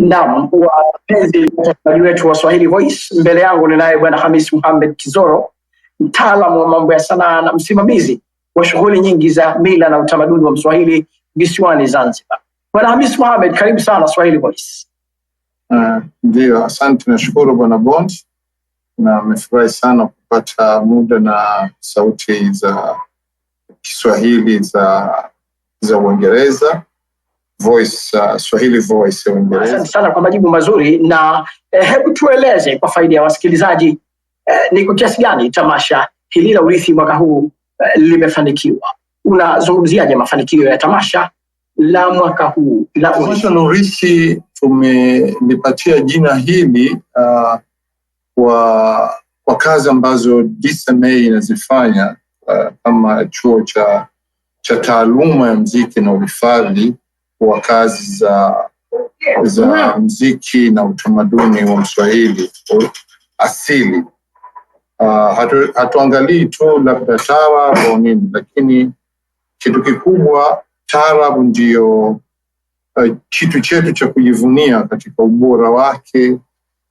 Naam, wapenzi watazamaji wetu wa Swahili Voice, mbele yangu ninaye bwana Hamis Muhamed Kizoro, mtaalamu wa mambo ya sanaa na msimamizi wa shughuli nyingi za mila na utamaduni wa Mswahili visiwani Zanzibar. Bwana Hamis Muhamed, karibu sana Swahili Voice. Ah, ndio, uh, asante. Nashukuru bwana Bond na amefurahi sana kupata muda na sauti za Kiswahili za za Uingereza Voice, uh, Swahili Voice. Asante sana kwa majibu mazuri na eh, hebu tueleze kwa faida ya wasikilizaji eh, ni kwa kiasi gani tamasha hili la Urithi mwaka huu eh, limefanikiwa? Unazungumziaje mafanikio ya tamasha la mwaka huu la Tamasha Urithi? Tumelipatia jina hili uh, kwa, kwa kazi ambazo dsma inazifanya uh, kama chuo cha, cha taaluma ya mziki na uhifadhi wa kazi za za mziki na utamaduni wa Mswahili asili. Uh, hatu, hatuangalii tu labda taarabu au nini, lakini kitu kikubwa taarabu ndio uh, kitu chetu cha kujivunia katika ubora wake,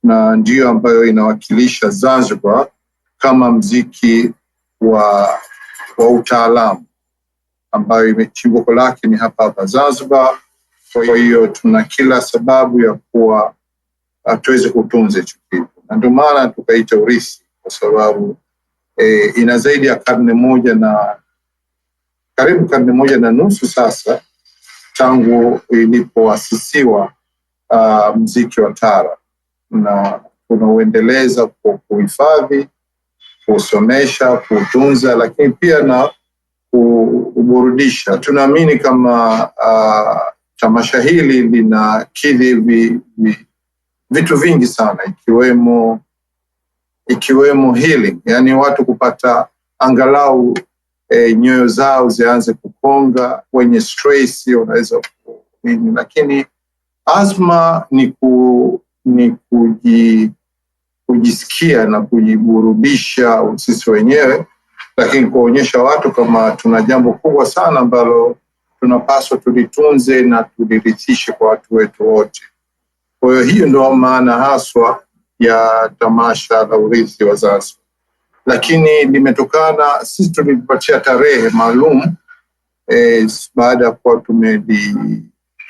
na ndio ambayo inawakilisha Zanzibar kama mziki wa, wa utaalamu ambayo chimbuko lake ni hapa hapa Zanzibar. Kwa hiyo tuna kila sababu ya kuwa uh, tuweze kutunza hicho kitu, na ndio maana tukaita urithi, kwa sababu e, ina zaidi ya karne moja na karibu karne moja na nusu sasa tangu ilipoasisiwa uh, mziki wa tara, na tunauendeleza kwa kuhifadhi, kuusomesha, kuutunza, lakini pia na kuburudisha. Tunaamini kama uh, tamasha hili linakidhi vi, vi, vitu vingi sana ikiwemo ikiwemo healing, yani watu kupata angalau e, nyoyo zao zianze kukonga. Wenye stress unaweza nini, lakini azma ni ku, ni kuji, kujisikia na kujiburudisha sisi wenyewe lakini kuwaonyesha watu kama tuna jambo kubwa sana ambalo tunapaswa tulitunze na tulirithishe kwa watu wetu wote. Kwa hiyo hiyo ndio maana haswa ya tamasha la urithi wa Zanzibar, lakini limetokana, sisi tulipatia tarehe maalum e, baada ya kuwa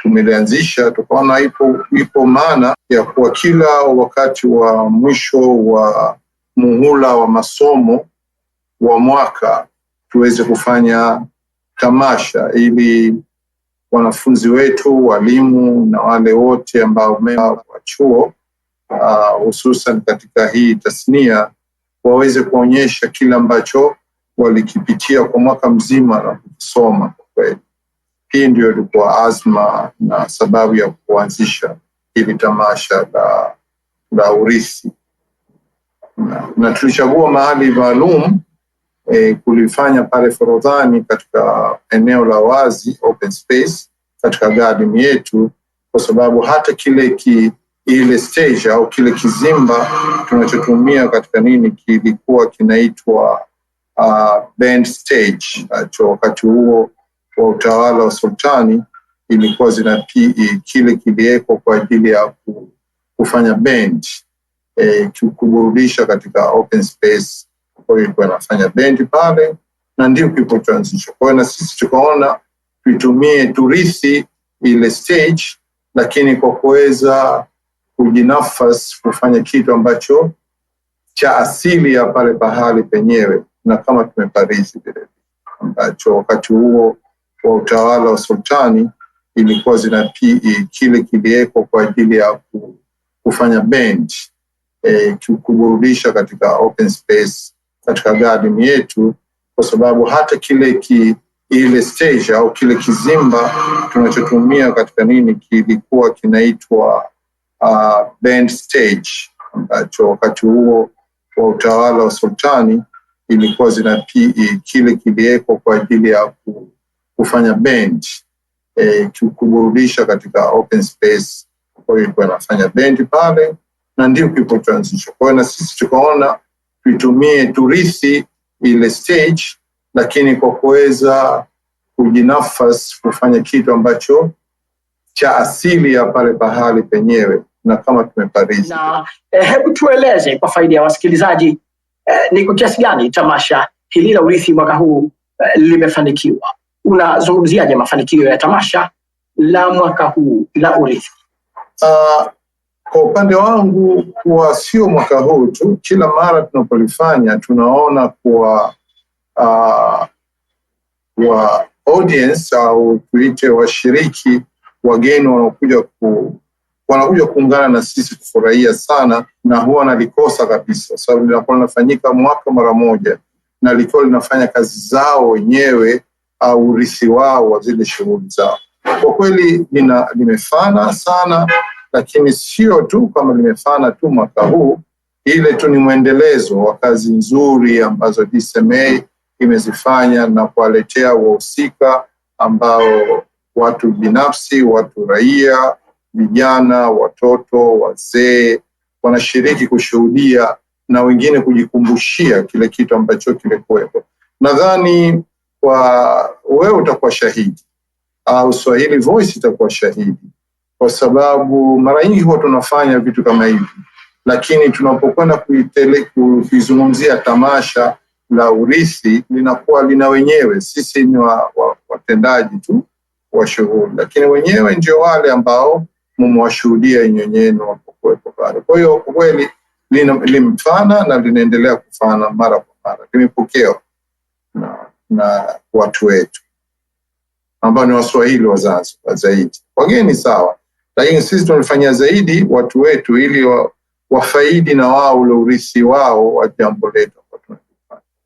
tumelianzisha tukaona ipo, ipo maana ya kuwa kila wakati wa mwisho wa muhula wa masomo wa mwaka tuweze kufanya tamasha ili wanafunzi wetu, walimu na wale wote ambao mema wa chuo uh, hususan uh, katika hii tasnia waweze kuonyesha kile ambacho walikipitia kwa mwaka mzima na kukisoma kwa kweli. Hii ndio ilikuwa azma na sababu ya kuanzisha hili tamasha la, la urithi na, na tulichagua mahali maalum e, kulifanya pale Forodhani katika eneo la wazi open space katika garden yetu, kwa sababu hata kile ki, ile stage au kile kizimba tunachotumia katika nini kilikuwa kinaitwa uh, ah, band stage cho wakati huo wa utawala wa sultani ilikuwa zina PE, kile kiliwekwa kwa ajili ya kufanya band e, eh, kuburudisha katika open space ambayo ilikuwa inafanya bendi pale, na ndio kiko transition. Kwa na sisi tukaona tuitumie, turithi ile stage, lakini kwa kuweza kujinafas kufanya kitu ambacho cha asili ya pale pahali penyewe, na kama tumeparizi vile ambacho wakati huo wa utawala wa sultani ilikuwa zina eh, kile kiliekwa kwa ajili ya kufanya bend e, eh, kuburudisha katika open space katika gadini yetu, kwa sababu hata kile ki, ile stage au kile kizimba tunachotumia katika nini kilikuwa kinaitwa uh, band stage ambacho wakati huo wa utawala wa sultani ilikuwa zina PE, kile kiliwekwa kwa ajili ya kufanya band eh, kuburudisha katika open space. Kwa hiyo ilikuwa inafanya bendi pale na ndio kipo transition. Kwa hiyo na sisi tukaona tuitumie turithi ile stage, lakini kwa kuweza kujinafas kufanya kitu ambacho cha asili ya pale pahali penyewe na kama tumeparizi. eh, hebu tueleze kwa faida ya wasikilizaji eh, ni kwa kiasi gani tamasha hili la urithi mwaka huu eh, limefanikiwa? Unazungumziaje mafanikio ya tamasha la mwaka huu la urithi? Uh, kwa upande wangu kuwa sio mwaka huu tu, kila mara tunapolifanya tunaona kuwa uh, ah, wa audience au tuite washiriki wageni wanaokuja ku, wanakuja kuungana na sisi kufurahia sana, na huwa nalikosa kabisa sababu so, linakuwa linafanyika mwaka mara moja na likiwa linafanya kazi zao wenyewe au urithi wao wa zile shughuli zao. Kwa kweli limefana sana lakini sio tu kama limefana tu mwaka huu, ile tu ni mwendelezo wa kazi nzuri ambazo dsma imezifanya na kuwaletea wahusika ambao watu binafsi, watu raia, vijana, watoto, wazee wanashiriki kushuhudia na wengine kujikumbushia kile kitu ambacho kimekuwepo Nadhani kwa wewe utakuwa shahidi, uh, Swahili Voice itakuwa shahidi kwa sababu mara nyingi huwa tunafanya vitu kama hivi, lakini tunapokwenda kuizungumzia tamasha la urithi linakuwa lina wenyewe, sisi ni watendaji wa, wa tu wa shughuli, lakini wenyewe ndio wale ambao mumewashuhudia nyenyeni wapokuwepo pale. Kwa hiyo kwa kweli limfana na linaendelea kufana mara kwa mara, limepokewa na, na watu wetu ambao ni Waswahili wa Zanzibar zaidi, wageni sawa, lakini sisi tunalifanyia zaidi watu wetu ili wa, wafaidi na wao ule urithi wao wa jambo letu.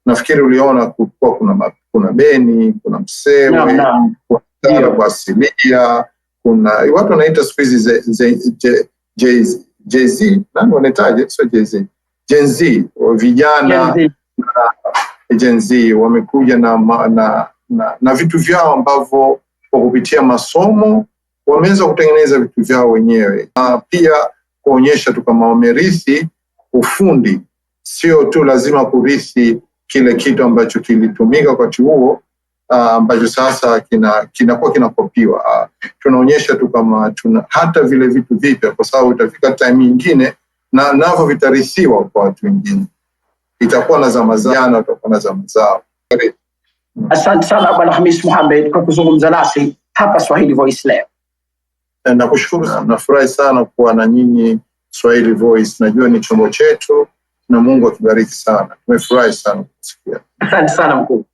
Nafikiri uliona kukua kuna, kuna beni kuna msewe no, no. kuna asilia kuna watu wanaita siku hizi jz nani wanaitaje sio jz jenz vijana jenz wamekuja na, na, na, na vitu vyao ambavyo kwa kupitia masomo wameweza kutengeneza vitu vyao wenyewe, na pia kuonyesha tu kama wamerithi ufundi, sio tu lazima kurithi kile kitu ambacho kilitumika wakati huo ah, ambacho sasa kinakuwa kina kinakopiwa. Ah, tunaonyesha tu kama tuna hata vile vitu vipya, kwa sababu itafika time nyingine na navyo vitarithiwa kwa watu wengine, itakuwa na zama jana, utakuwa na zama zao. Asante sana Bwana Hamis Muhamed kwa kuzungumza nasi hapa Swahili Voice leo. Eh, nakushukuru na, nafurahi sana kuwa na nyinyi Swahili Voice. Najua ni chombo chetu na Mungu akibariki sana. Tumefurahi sana kusikia. Asante sana mkuu.